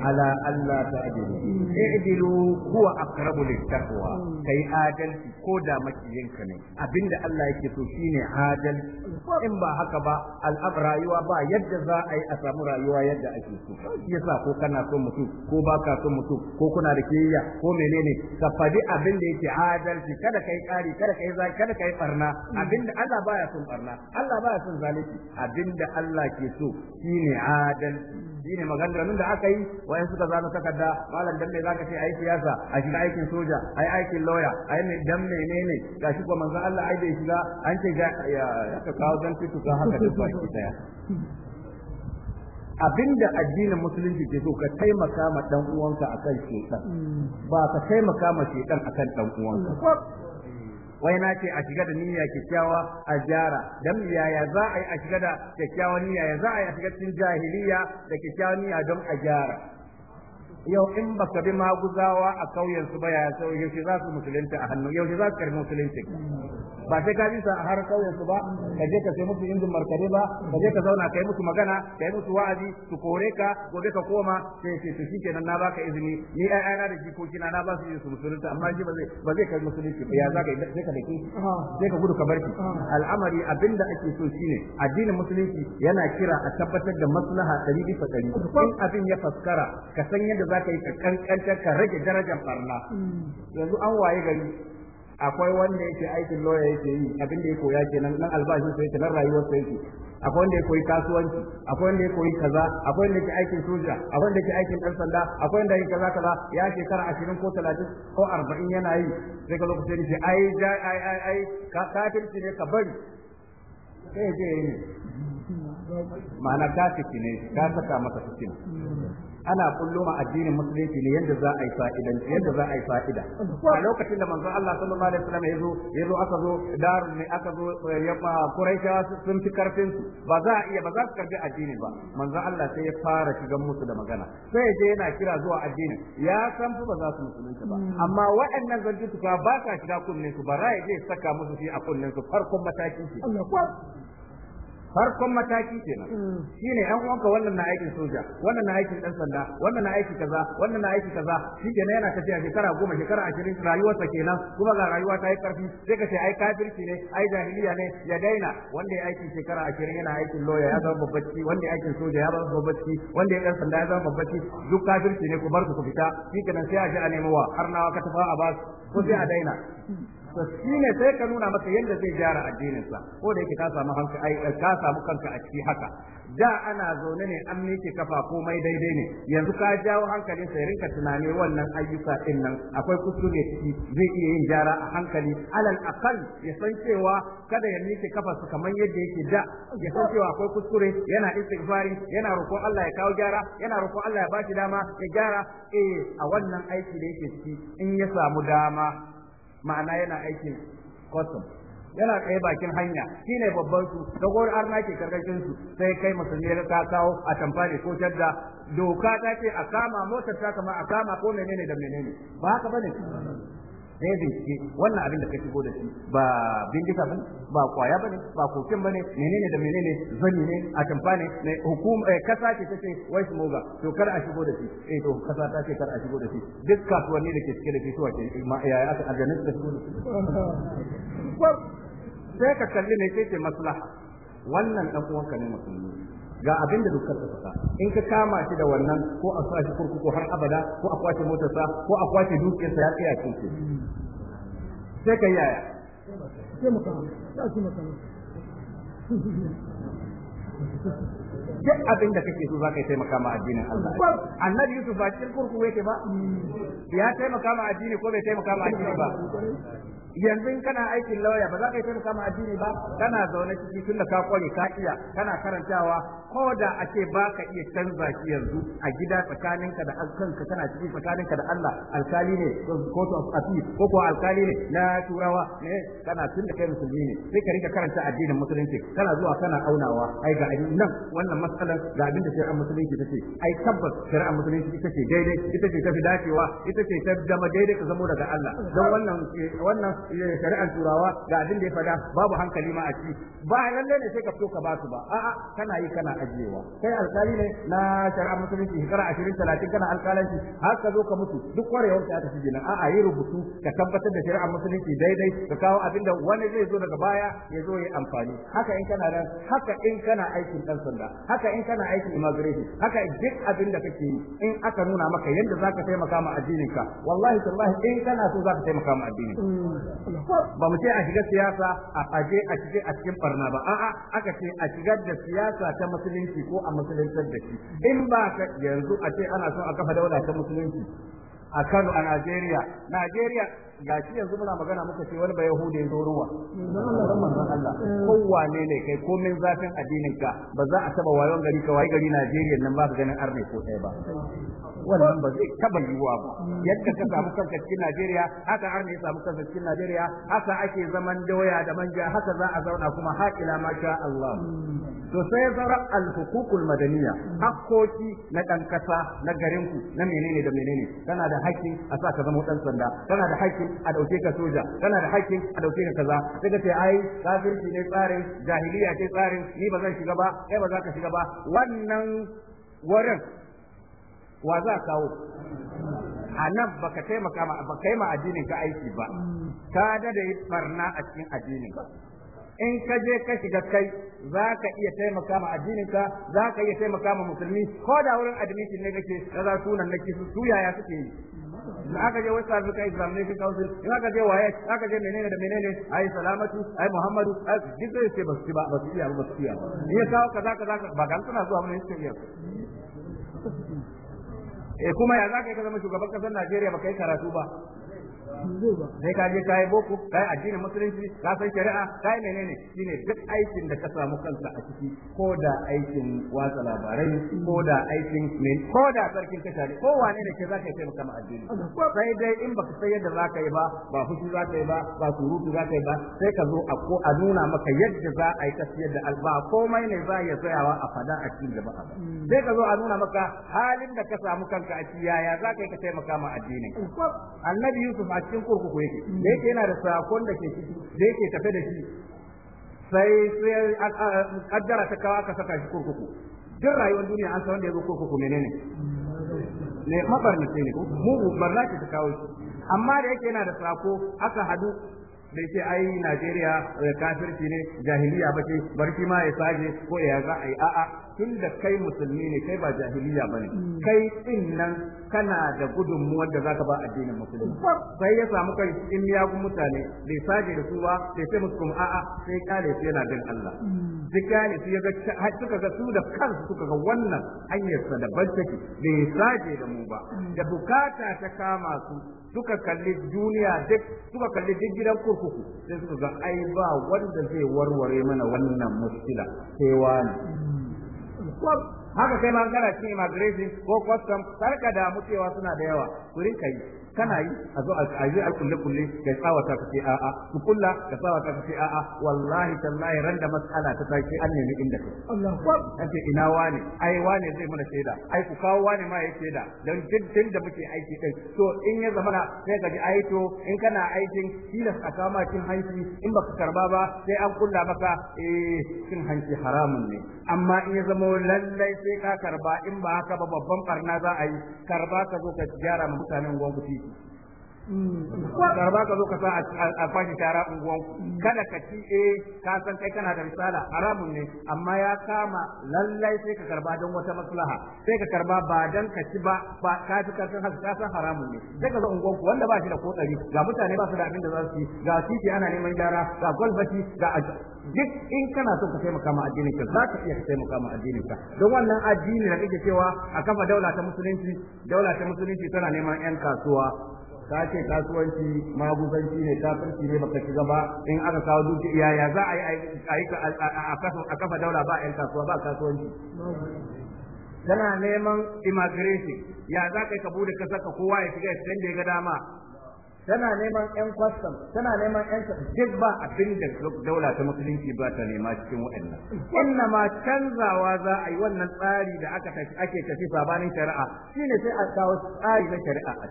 ala alla ta'dilu i'dilu huwa aqrabu littaqwa kai adalci ko da makiyinka ne abinda Allah yake so shine adalci in ba haka ba al'ab rayuwa ba yadda za a yi a samu rayuwa yadda ake so shi yasa ko kana son mutum ko baka son mutum ko kuna da kiyayya ko menene ka fadi abin da yake adalci kada kai kari kada kai zai kada kai barna abinda Allah baya son barna Allah baya son zalunci abinda Allah ke so shine adalci shine nan da aka yi wayan suka zanu takarda malam dan me zaka ce ai siyasa a shiga aikin soja ai aikin lawyer ai me dan menene gashi kuma manzo Allah ai bai shiga an ce ga ya ka kawo dan to ka haka da baki daya abinda addinin musulunci ke so ka taimaka ma dan uwanka akan shedan ba ka taimaka ma shedan akan dan uwanka wai na ce a shiga da niyya kyakkyawa a gyara dan yaya za a yi a shiga da kyakkyawan niyya ya za a yi a shiga cikin jahiliya da kyakkyawan niyya don a gyara yau in baka bi maguzawa a kauyen su baya sau yaushe za su musulunta a hannu yaushe za su karbi musulunci ba sai ka bisa a har kauyen su ba ka je ka sai musu injin markade ba ka je ka zauna kai musu magana kai musu wa'azi su kore ka gobe ka koma sai ce shike nan na baka izini ni ai ai na da jikoki na ba su su musulunta amma shi ba zai ba zai karbi musulunci ba ya za ka sai ka dake sai ka gudu ka barki al'amari abinda ake so shine addinin musulunci yana kira a tabbatar da maslaha 100% in abin ya faskara ka san yadda za ka yi ka kankantar ka rage darajar barna yanzu an waye gari akwai wanda yake aikin lawyer yake yi abin da ya koya kenan nan albashin sai yake nan rayuwar sai yake akwai wanda ya koyi kasuwanci akwai wanda ya koyi kaza akwai wanda yake aikin soja akwai wanda yake aikin dan sanda akwai wanda yake kaza kaza ya shekara ashirin ko talatin ko arba'in yana yi sai ka lokacin ce ai ai ai ai kafirci ne ka bari sai ya je ne ma'ana kafirci ne ka saka masa fitina ana kullu a addinin musulunci ne yadda za a yi fa'ida yadda za a yi fa'ida a lokacin da manzon Allah sallallahu alaihi wasallam yazo yazo aka zo dar ne aka zo eh, yamma quraisha sun fi karfin su ba za a iya ba za su karbi addini ba manzon Allah sai ya fara shiga musu da magana sai ya je yana kira zuwa addini ya san fa ba za su musulunci ba hmm. amma waɗannan zantuka ba sa shiga kunnen su ba ra ya je saka musu shi a kunnen su farkon matakin shi farkon mataki kenan mm. ne yan uwanka wannan na aikin soja wannan na aikin dan sanda wannan na aiki kaza wannan na aiki kaza ne yana tafiya shekara goma shekara ashirin rayuwarsa kenan kuma ga rayuwa ta yi karfi sai ka ce ai kafirci ne ai jahiliya ne ya daina wanda ya aikin shekara ashirin yana aikin loya ya zama babbaci wanda ya aikin soja ya zama babbaci wanda ya dan sanda ya zama babbaci duk kafirci ne ku bar ku fita nan sai a ji a nemo wa har nawa ka tafa a ba ko sai a daina mm. to ne sai ka nuna masa yadda zai gyara addininsa ko da yake ka samu hanka ai ka samu kanka a ciki haka da ana zaune ne an miki kafa komai daidai ne yanzu ka jawo hankalin sai rinka tunani wannan ayyuka din nan akwai kuskure ciki zai iya yin gyara a hankali alal aqal ya san cewa kada ya miki kafa su kamar yadda yake da ya san cewa akwai kuskure yana istighfari yana roƙo Allah ya kawo gyara yana roƙo Allah ya shi dama ya gyara eh a wannan aiki da yake ciki in ya samu dama ma'ana yana aikin custom yana kai bakin hanya shine babban su da gori arna ke karkashin su sai kai musulmi ka kawo a tamfani ko tadda doka ta ce a kama motar ta kama a kama ko menene da menene ba haka bane sai bincike wannan abin da ka shigo da shi ba bindiga bane ba kwaya bane ba kokin bane menene da menene zani ne a tamfa ne hukuma eh, kasa ce ce wai su moga to kar a shigo da shi eh to kasa ta ce kar a shigo da shi duk kasuwanni da ke cike da shi to wace ma yaya aka aljanna da shigo da shi sai ka kalli ne sai ce maslaha wannan dan uwanka ne musulmi ga abin da dukkan ka faɗa in ka kama shi da wannan ko a kwashe kurkuku har abada ko a kwashe motarsa ko a kwashe dukiyarsa ya tsaya cikin sai ka yaya duk abin da kake so za ka yi taimaka ma addinin Allah annabi Yusuf ba cikin kurkuku yake ba mm. ya taimaka ma addini ko bai taimaka ma addini ba yanzu kana aikin lauya ba za ka yi ta kama addini ba kana zaune ciki tun da ka kware ka iya kana karantawa ko da a ce ba ka iya canza shi yanzu a gida tsakaninka da kanka kana ciki tsakaninka da Allah alkali ne ko to ko ko alkali ne na turawa ne kana tun da kai musulmi ne sai ka rika karanta addinin musulunci kana zuwa kana aunawa ai ga abin nan wannan matsalar ga abin da shari'ar musulunci take ai tabbas shari'ar musulunci ita ce daidai ita ce ta fi dacewa ita ce ta zama daidai ka zamo daga Allah don wannan eh, wannan Eh, shari'an turawa ga abin da ya fada babu hankali ma a ci ba lalle ne sai ka fito ka ba su ba a'a kana yi kana ajiyewa kai alkali ne na shari'ar musulunci shekara ashirin talatin kana alkalanci har ka zo ka mutu duk kwarewar ta tafi ci gina a'a yi rubutu ka tabbatar da shari'ar musulunci daidai ka kawo abin da wani zai zo daga baya ya zo ya amfani haka in kana nan haka in kana aikin dan sanda haka in kana aikin immigration haka duk abin da kake yi in aka nuna maka yadda zaka taimaka ma addinin ka wallahi tallahi in kana so zaka taimaka ma addinin mm. ba mu ce a shiga siyasa a aje a shige a cikin barna ba a'a aka ce a shigar da siyasa ta musulunci ko a musuluntar da shi in ba ka yanzu a ce ana son a kafa daula ta musulunci a Kano a Najeriya Najeriya ga shi yanzu muna magana muka ce wani ba hudu ya zo ruwa kowa ne ne kai komin zafin addinin ka ba za a taba wayon gari ka wayi gari Najeriya nan ba ka ganin arne ko ɗaya ba wannan ba zai taba yiwuwa ba yadda ka samu kanka cikin Najeriya haka har ne ya samu kanka cikin Najeriya haka ake zaman doya da manja haka za a zauna kuma har ila ma sha Allah to sai zara al huququl madaniya hakkoki na dan kasa na garin ku na menene da menene kana da haƙƙi a sa ka zama dan sanda kana da haƙƙi a dauke ka soja kana da haƙƙi a dauke ka kaza sai ka ce ai kafirci ne tsarin jahiliya ce tsarin ni ba zan shiga ba kai ba za ka shiga ba wannan wurin wa za kawo a nan ba ka taimaka ma baka yi ma addinin ka aiki ba ka dada yi barna a cikin addinin ka. in ka je ka shiga kai za ka iya taimaka ma addinin ka za ka iya taimaka ma musulmi ko da wurin admission ne kake ka za sunan na kisu su yaya suke yi in aka je wasu Africa Examination Council in aka je waye aka je menene da menene ai salamatu ai Muhammadu ai duk zai ce ba su ba ba su iya ba su iya in ya kawo kaza kaza ba ga suna zuwa mun yin eh kuma ya zaka ka zama shugaban kasar Najeriya ba ka yi karatu ba sai ka je kai boko kai addinin musulunci ka san shari'a kai menene shine duk aikin da ka samu kanka a ciki ko da aikin watsa labarai ko da aikin men ko da sarkin ka ko wane ne ke zaka yi taimaka ma addini sai dai in baka san yadda zaka yi ba ba fushi zaka yi ba ba surutu zaka yi ba sai ka zo a ko a nuna maka yadda za a yi tafiyar da alba komai ne za ya tsayawa a fada a cikin jama'a ba sai ka zo a nuna maka halin da ka samu kanka a ciki yaya zaka yi ka taimaka ma addinin annabi yusuf a cikin kurkuku yake da yake yana da sakon da ke ciki da yake tafe da shi sai sai kaddara ta kawo aka saka shi kurkuku duk rayuwar duniya an san wanda ya zo kurkuku menene ne mabarnace ne mu barna ce ta kawo shi amma da yake yana da sako aka hadu da yake ai Najeriya eh, kafirci ne jahiliya ba ce barki ma ya saje ko ya za a yi a'a tun da kai musulmi ne kai ba jahiliya bane mm. kai din nan kana da gudunmuwar da zaka ba addinin musulmi sai ya samu kai in ya gu mutane bai saje da su ba bai sai musu kuma a'a sai kale su yana bin Allah duk mm. kale su yaga suka ga su da kansu suka ga wannan hanyar sa da take bai saje da mu ba mm. da bukata ta kama su suka kalli duniya duk suka kalli duk gidan kurkuku sai suka ga ai ba wanda zai warware mana wannan mushkila sai wani haka kai ma kana cikin immigration ko custom sarka ka damu cewa suna da yawa ku rinka yi kana yi a zo a yi a kulle kulle kai tsawata ka ce a'a ku kulla ka tsawata ka ce a'a wallahi tallahi randa matsala ta tashi an nemi inda ka Allahu akbar ce ina wane ai wane zai mana shaida ai ku kawo wane ma ya shaida dan jiddin da muke aiki din to in ya zama na sai ka ji ai to in kana aikin tilas a kama cin hanci in baka karba ba sai an kulla maka eh cin hanci haramun ne amma in ya zama lallai sai ka karba in ba haka ba babban barna za a yi karba ka zo ka gyara ma mutanen gwamnati karba ka zo ka sa a fashi shara unguwan kada ka ci eh ka san kai kana da misala. haramun ne amma ya kama lallai sai ka karba don wata maslaha sai ka karba ba dan ka ci ba ba ka fi karfin hasu ka san haramun ne sai ka zo unguwan ku wanda ba shi da kotsari ga mutane ba su da abin da za su yi ga titi ana neman gyara ga gwalbati ga duk in kana so ka taimaka ma addinin ka za ka iya ka taimaka ma addinin ka don wannan addini da kake cewa a kafa daula ta musulunci daula ta musulunci tana neman yan kasuwa ka ce kasuwanci maguzanci ne kafirci ne baka shiga ba in aka kawo duki ya za a yi a kafa daula ba yan kasuwa ba kasuwanci kana neman immigration ya za ka yi ka bude kasa ka kowa ya shiga ya da ya ga dama tana neman yan kwastam tana neman yan duk ba abin da daula ta musulunci ba ta nema cikin waɗannan inna ma canzawa za a yi wannan tsari da aka ake tafi sabanin shari'a shine sai a kawo tsari na shari'a a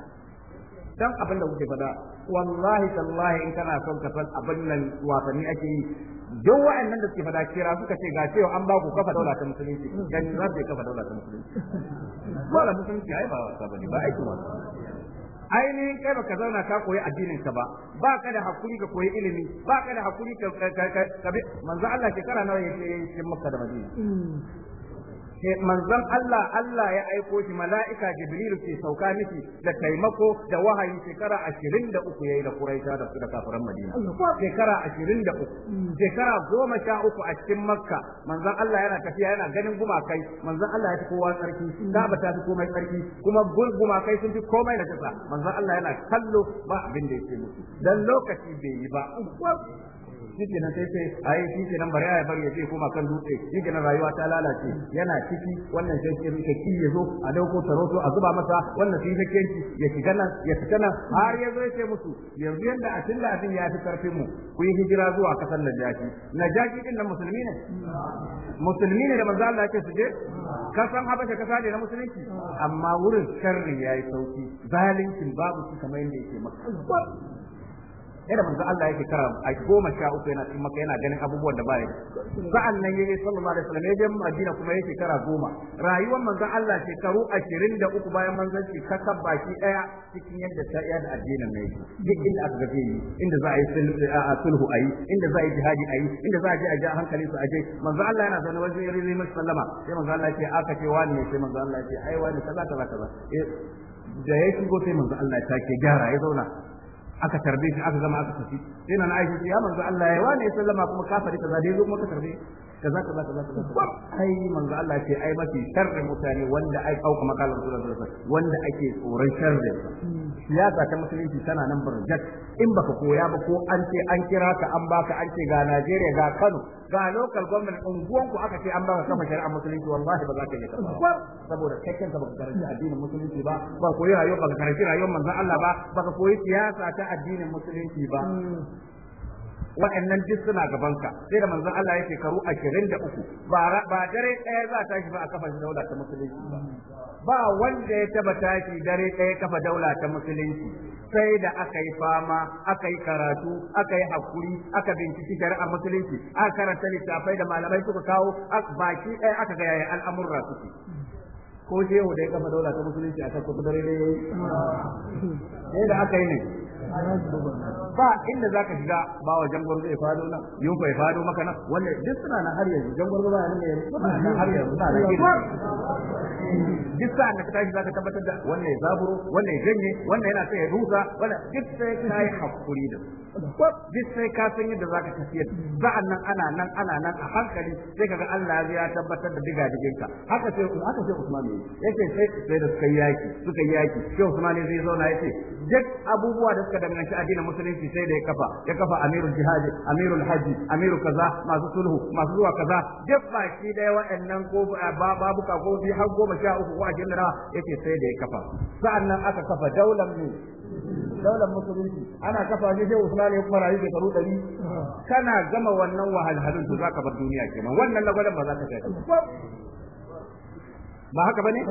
dan abin da kuke faɗa wallahi tallahi in kana son ka san abin nan wasanni ake yi duk wa'annan da suke faɗa kira suka ce ga cewa an ba ku kafa daula ta musulunci dan za su kafa daula ta musulunci ba la musulunci ai ba wasa bane ba aikin wasa ainihin kai ba ka zauna ka koyi addinin ka ba ba ka da hakuri ka koyi ilimi ba ka da hakuri ka ka ka manzo Allah shekara nawa yake yin Makka da Madina hmm. Eh, manzon Allah Allah ya aiko shi mala'ika Jibril ke sauka miki da taimako da wahayi shekara 23 yayi da Quraisha da su da kafiran Madina shekara 23 hmm. shekara uku a cikin Makka manzon Allah yana tafiya yana ganin gumakai manzon Allah ya fi kowa tsarki, da hmm. ba ta fi komai tsarki, kuma gumakai sun fi komai da kasa manzon Allah yana kallo ba abin da yake musu dan lokaci bai yi ba nan sai sai ai nan bari ai bari ya ce kuma kan dutse nan rayuwa ta lalace yana ciki wannan sai sai rike ki ya zo a dauko taroto a zuba masa wannan sai sai ya shiga nan ya fita nan har ya zo ya ce musu yanzu yanda a tilla abin ya fi karfin mu ku yi hijira zuwa kasar Najaki Najaki din nan musulmi ne musulmi ne da manzo Allah yake su je kasan habasha kasa ne na musulunci amma wurin sharri yayi sauki zalincin babu su kamar yadda yake maka yadda manzo Allah yake kara a goma sha uku yana cikin maka yana ganin abubuwan da baya sa'an nan yayi sallallahu alaihi wasallam yaje Madina kuma yake kara goma rayuwar manzo Allah shekaru 23 bayan manzanci ka kabba shi daya cikin yadda ta iya da addinin mai duk inda aka gabe eh, yi inda za a yi sulhu ayi inda za a yi jihadi ayi inda za a je a ja hankali su aje manzo Allah yana zaune wajen yare zai sallama sai manzo Allah ya ce aka ce wani ne sai manzo Allah ya ce ai wani kaza kaza kaza eh, da ya shigo sai manzo Allah ta ke gyara ya zauna aka tarbe shi aka zama aka tafi sai nan Aisha ya manzo Allah ya wane sallama kuma kafari ta dai zo kuma ka tarbe kaza kaza kaza kaza ai manzo Allah ce ai mafi sharri mutane wanda ai auka makalar Rasulullah sallallahu wanda ake tsoron sharri siyasa ta musulunci tana nan barjat in baka koya ba ko an ce an kira ka an baka an ce ga Najeriya ga Kano ga local government unguwan ku aka ce an baka kafa shari'a musulunci wallahi ba za ka yi ka ba saboda kai kanka baka karanci addinin musulunci ba ba koyi rayuwa baka karanci rayuwar manzo Allah ba baka koyi siyasa ta addinin musulunci ba hmm. waɗannan duk suna gabanka sai da manzon Allah ya shekaru 23 ba ba dare ɗaya za ta shi ba a kafa daula ta musulunci ba ba wanda ya taba tashi dare ɗaya kafa daula ta musulunci sai da aka yi fama aka yi karatu aka yi hakuri aka binciki shari'a musulunci aka karanta littafai da malamai suka kawo baki ɗaya aka ga yayin al'amurra suke ko shehu da ya kafa daula ta musulunci a kan kusa dare ne sai da aka yi ne ba inda ka shiga ba wa jangwar zai fado nan yun fa fado maka nan wannan duk suna na har yanzu jangwar ba nan ne har yanzu ba na gidi duk sa'an da ka tashi ka tabbatar da wannan ya zaburo wannan ya janye wannan yana sai ya rusa wannan duk sai ka yi hakuri da duk sai ka san yadda zaka tafiya ba'an nan ana nan ana nan a hankali sai kaga Allah ya tabbatar da diga diginka haka sai haka sai Usman ne yake sai sai da suka yaki suka yaki sai Usman ne zai zauna yace duk abubuwa da suka suka danganci addinin musulunci sai da ya kafa ya kafa amirul jihadi amirul haji amiru kaza masu sulhu masu zuwa kaza duk da daya waɗannan ko eh, babuka ko bi har goma sha uku ko ashirin da yake sai da ya kafa sa'annan aka kafa daular ne daular musulunci ana kafa shi sai usmani ya kuma rayu shekaru ɗari kana gama wannan wahalhalun to zaka bar duniya kenan wannan lagwadan ba za ka kai ba haka bane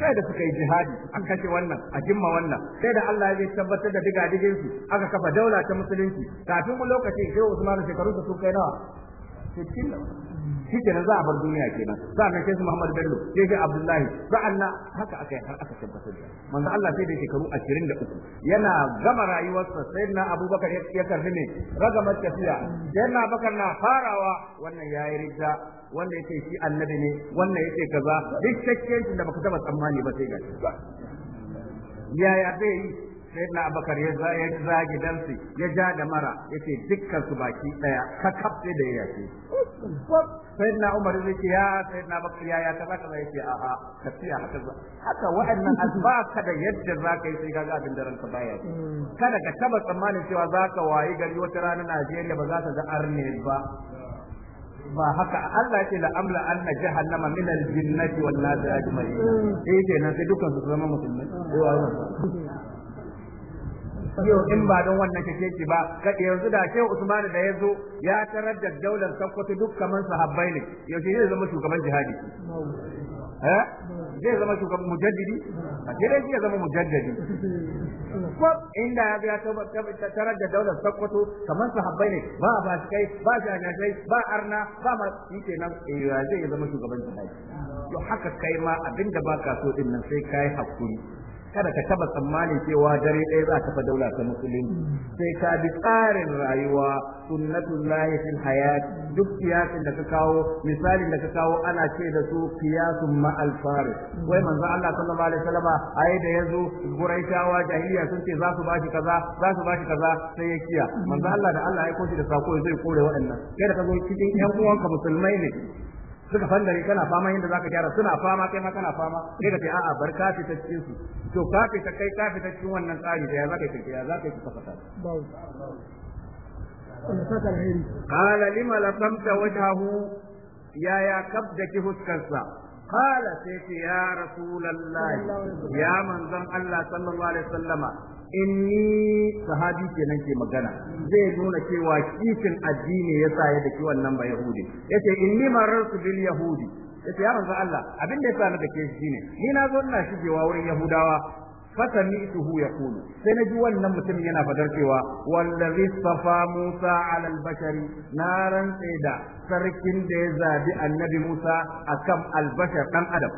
sai da suka yi jihadi an kashe wannan a jimma wannan sai da Allah ya tabbatar da diga digin su aka kafa daula ta musulunci kafin mu lokaci, sai Usman shekaru da su kai nawa shi kenan za a bar duniya kenan sa'annan sai su Muhammad Bello sai sai Abdullahi na haka aka har aka tabbatar da manzo Allah sai da shekaru 23 yana gama rayuwarsa sayyidina Abubakar ya karbi ne ragamar tafiya sayyidina Abubakar na farawa wannan yayi ridda wanda yake shi annabi ne wannan yake kaza duk cikin da baka taba tsammani ba sai gashi yaya zai yi sai na abakar ya zagi dansi ya ja da mara ya ce dukkan su baki daya ka kafce da ya ce sai na umar ya ce ya sai na bakar ya ya kaza kaza ya ce a ka tiya haka ba. haka wa'annan azba ka da yadda za ka yi sai kaga abin da ranka baya kada ka taba tsammanin cewa za ka wayi gari wata rana Najeriya ba za ta ga arne ba ba haka Allah ce la amla anna jahannama min al jinnati wal nasi ajma'in eh kenan sai dukkan su zama musulmai yau in ba don wannan kake ki ba kaɗe yanzu da ke usman da ya ya tarar da daular sakkwato duk kamar sahabbai ne yaushe zai zama shugaban jihadi eh zai zama shugaban mujaddidi a dai ya zama mujaddidi ko inda ya biya tarar da daular sakkwato kamar sahabbai ne ba a fasikai ba shashashai ba arna ba ma yake nan eh, zai zama shugaban jihadi to haka kai ma abinda baka so din nan sai kai hakuri kada ka taba tsammanin cewa dare ɗaya za ka fa daula ta musulunci sai ka bi tsarin rayuwa sunnatul lahi fil hayat duk kiyasin da ka kawo misalin da ka kawo ana ce da su kiyasun ma al wai manzo Allah sallallahu alaihi wasallam ai da yazo guraitawa jahiliya sun ce za su bashi kaza za su bashi kaza sai ya kiya manzo Allah da Allah ya koshi da sako zai kore waɗannan kai da ka zo cikin ƴan uwanka musulmai ne suka fangare kana fama yadda zaka gyara suna fama kai ma kana fama sai ka ce a'a barka fi ta cikin su to ka fi ta kai ka fi ta cikin wannan tsari da ya zaka kai ya zaka kai ka fata qala lima la laqamta wajhahu ya ya kabda ki huskansa qala sai ya rasulullahi ya manzon allah sallallahu alaihi wasallama inni sahabi kenan ke magana zai nuna cewa kishin addini ya sa ya daki wannan ba yahudi yace inni marartu bil yahudi yace ya manzo Allah abin da yasa na dake shi ne ni na zo ina shigewa wurin yahudawa fasami'tuhu yaqulu sai na ji wannan mutum yana fadar cewa wallazi safa Musa 'ala na rantse naran da sarkin da ya zabi annabi Musa akan al-bashar dan adam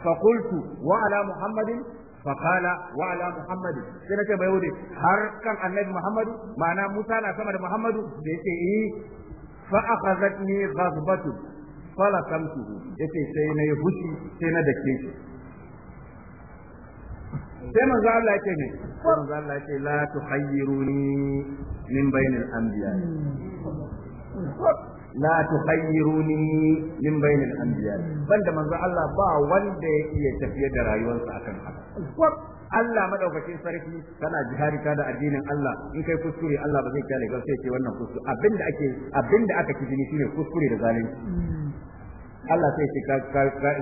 فقلت wa'ala Muhammadin? فقال وعلى محمد سنة بيودي هر كان النبي محمد معنى موسى لا سمد محمد بيتي فأخذتني غضبة فلا فلقمته يتي سينا يفشي سينا دكيش سيما manzo Allah yake ne sai manzo Allah yake la tuhayyiruni min bainal na tukhayyiruni min bainil anbiya banda manzo Allah ba wanda ya iya tafiye da rayuwarsa a kan haka Allah madaukakin sarki kana jihari da addinin Allah in kai kuskure Allah ba zai kyale ka sai ce wannan kuskure abinda aka ci jini ne kuskure da zalunci Allah sai ce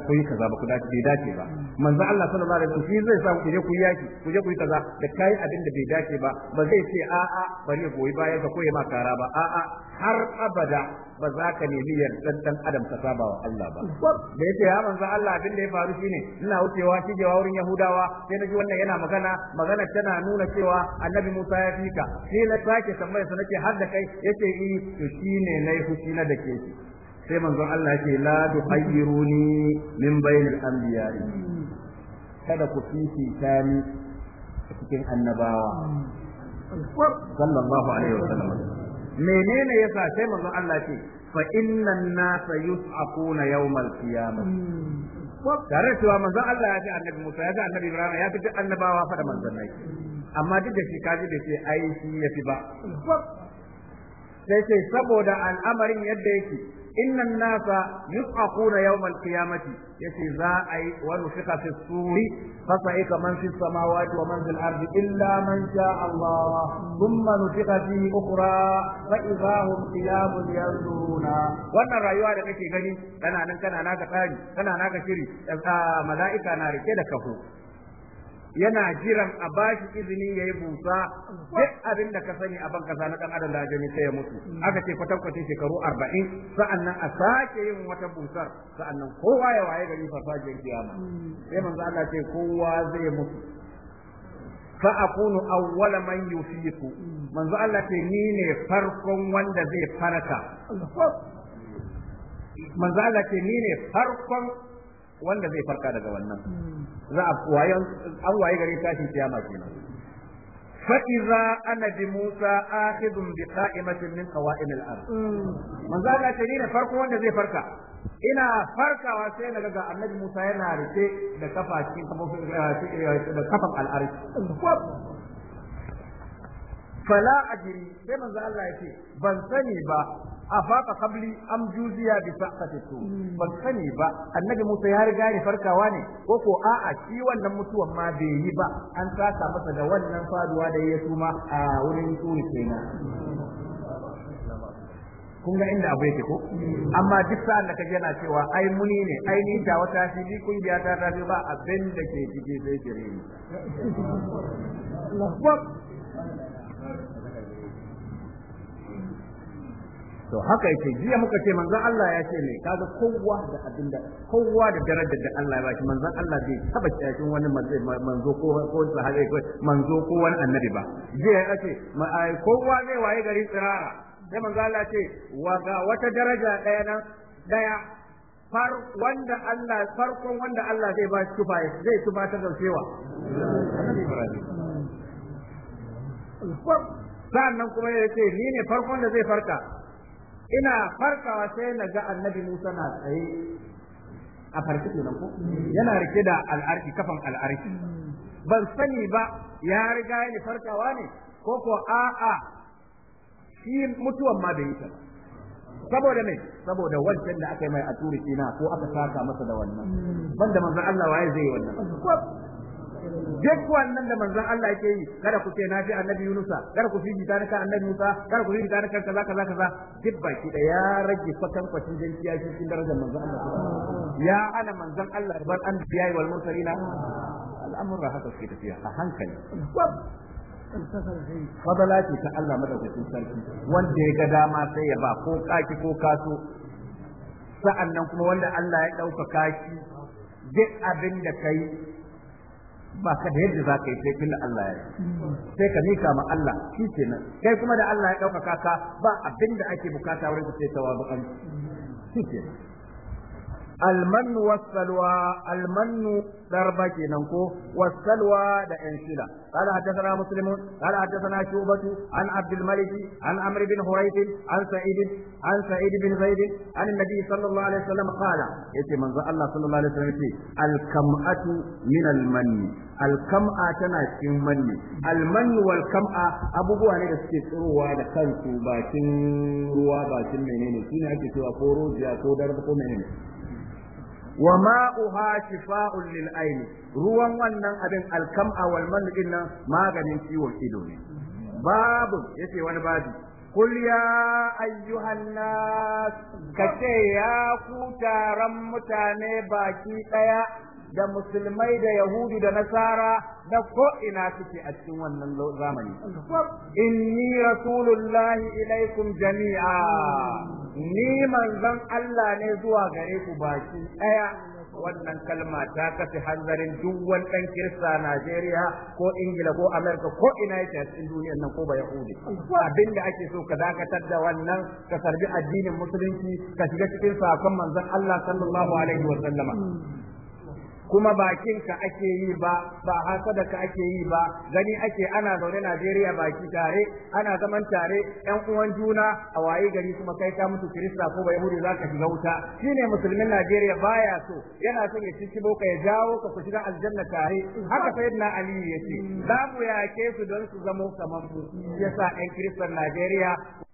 ku yi kaza ba ku dace bai dace ba manzo Allah sallallahu alaihi wasallam zai sa ku je ku yaki ku je ku yi kaza da kai abin da bai dace ba ba zai ce a a bari ya goyi baya ka koyi ma kara ba a a har abada ba za ka nemi yardan dan adam ka saba wa Allah ba da yake ya manzo Allah abin da ya faru shine ina wucewa cigewa wurin Yahudawa sai na ji wannan yana magana magana tana nuna cewa annabi Musa ya fika sai na take tambaya sa nake har da kai yace eh to shine nayi hukuna da ke sai manzon Allah yake la tuhayyiruni min bainil anbiya'i kada ku fifita tani cikin annabawa sallallahu alaihi wasallam menene yasa sai manzon Allah yake fa an nasa yus'aquna yawmal qiyamah tare cewa manzon Allah ya ce annabi Musa ya ce annabi Ibrahim ya ce annabawa fa da manzonnai amma duk da shi kaji da shi ai shi yafi ba sai sai saboda al'amarin yadda yake inna nasa yus'aquna yawm qiyamati yace za a yi wa nufiqa fi suri fa sa'ika man fi samawati wa man fil ardi illa man sha'a Allah thumma nufiqa fi ukhra fa idha qiyamun yanzuruna wannan rayuwa da kake gani kana nan kana naka tsari kana naka shiri mala'ika na rike da kafu yana jiran a bashi izini ya yi busa duk abin da ka sani a ban kasa na dan adam da ajami sai ya mutu aka ce kwatan kwatin shekaru 40 sa'annan a sake yin wata busar sa'annan kowa ya waye gari farfajiyar kiyama sai manzo Allah ce kowa zai mutu fa akunu awwala man yufiku manzo Allah ce ni ne farkon wanda zai farka manzo Allah ce ni ne farkon wanda zai farka daga wannan hmm. za a wayan an waye gari tashin kiyama kenan fa iza ana bi musa akhidun bi qa'imatin min qawa'im al-ard hmm. manzo Allah ce ne farko wanda zai farka ina farkawa sai na ga annabi musa yana rike da kafa cikin kafofin eh, da kafan al-arsh fala ajri sai manzo Allah ya ce ban sani ba afaka qabli am juziya bi saqati tu ban sani ba annabi Musa ya riga ya farkawa ne ko ko a'a shi wannan mutuwan ma bai yi ba an saka masa da wannan faduwa da ya ma a wurin turi kenan kun ga inda abu yake ko amma duk sa'an da kaje yana cewa ai muni ne ai ni da wata shi ni biya ta ta ba abin da ke ciki sai gare ni to haka yake jiya muka ce manzon Allah ya ce ne kaga kowa da abinda kowa da darajar da Allah ya shi manzon Allah bai taba cikin wani manzo ko ko sahabi ko manzo ko wani annabi ba jiya ya ce kowa zai waye gari tsirara sai manzon Allah ce wa ga wata daraja daya nan daya far wanda Allah farkon wanda Allah zai ba shi tufa zai tufa ta daukewa sannan kuma ya ce ni ne farkon da zai farka ina farkawa sai na ga annabi Musa na tsaye a farki kenan ko yana rike da al'arki kafan al'arki ban sani ba ya riga ni farkawa ne ko ko a'a shi mutuwan ma bai yi ba saboda me saboda wancan da aka yi mai a turi ko aka saka masa da wannan banda manzon Allah waye zai yi wannan duk wannan da manzon Allah yake yi kada ku ce na fi annabi Yunusa kada ku fi na kan annabi Musa kada ku fi na kan kaza kaza kaza duk baki da ya rage fatan kwacin dan shi cikin darajar manzon Allah ya ana manzon Allah bar an biya wal mursalina ra haka suke tafiya a hankali fadala ce ta Allah madaukakin sarki wanda ya ga dama sai ya ba ko kaki ko kaso sa'annan kuma wanda Allah ya ɗaukaka shi duk abin da kai ba ka da yadda za ka yi sai tun da Allah ya yi sai ka mika ma Allah shi ke nan kai kuma da Allah ya ɗaukaka ka ba abin da ake bukata wurin ka sai tawazu an shi ke nan Almannu wassalwa Almannu darba kenan ko wassalwa da yan shila قال حدثنا مسلم قال حدثنا شعبة عن عبد الملك عن عمرو بن حريث عن سعيد عن سعيد بن زيد عن النبي صلى الله عليه وسلم قال يتي من الله صلى الله عليه وسلم يتي الكمأة من المن الكمأة تنا cikin manni almanni wal kam'a abubuwa ne da suke tsirowa da kansu bakin ruwa bakin menene shine ake cewa ko rojiya ko darba ko wa ma'uha shifa'un lil aini ruwan wannan abin alkam'a wal mannu din nan maganin ciwon ido ne babu yace wani babu قل يا أيها الناس ya يا كوتارا mutane baki ɗaya. da musulmai da yahudu da nasara da ko ina suke a cikin wannan zamani inni rasulullahi ilaikum jami'a ni manzon Allah ne zuwa gare ku baki daya wannan kalma ta kafi hanzarin duk wani ɗan kirista Najeriya ko Ingila ko Amerika ko ina yake a cikin duniyar nan ko ba Yahudi. Abinda ake so ka dakatar da wannan ka sarbi addinin musulunci ka shiga cikin sakon manzon Allah sallallahu alaihi wa sallama. kuma bakinka ake yi ba ba ka ake yi ba gani ake ana zaune Najeriya baki tare ana zaman tare yan uwan juna a waye gari kuma kai ka mutu Kirista ko ba Yahudi zaka shiga wuta shine musulmin Najeriya baya so yana son ya cici boka ya jawo ka ku shiga aljanna tare haka sayyidina Ali yace za mu yake su don su zama kamar su yasa yan Kiristan Najeriya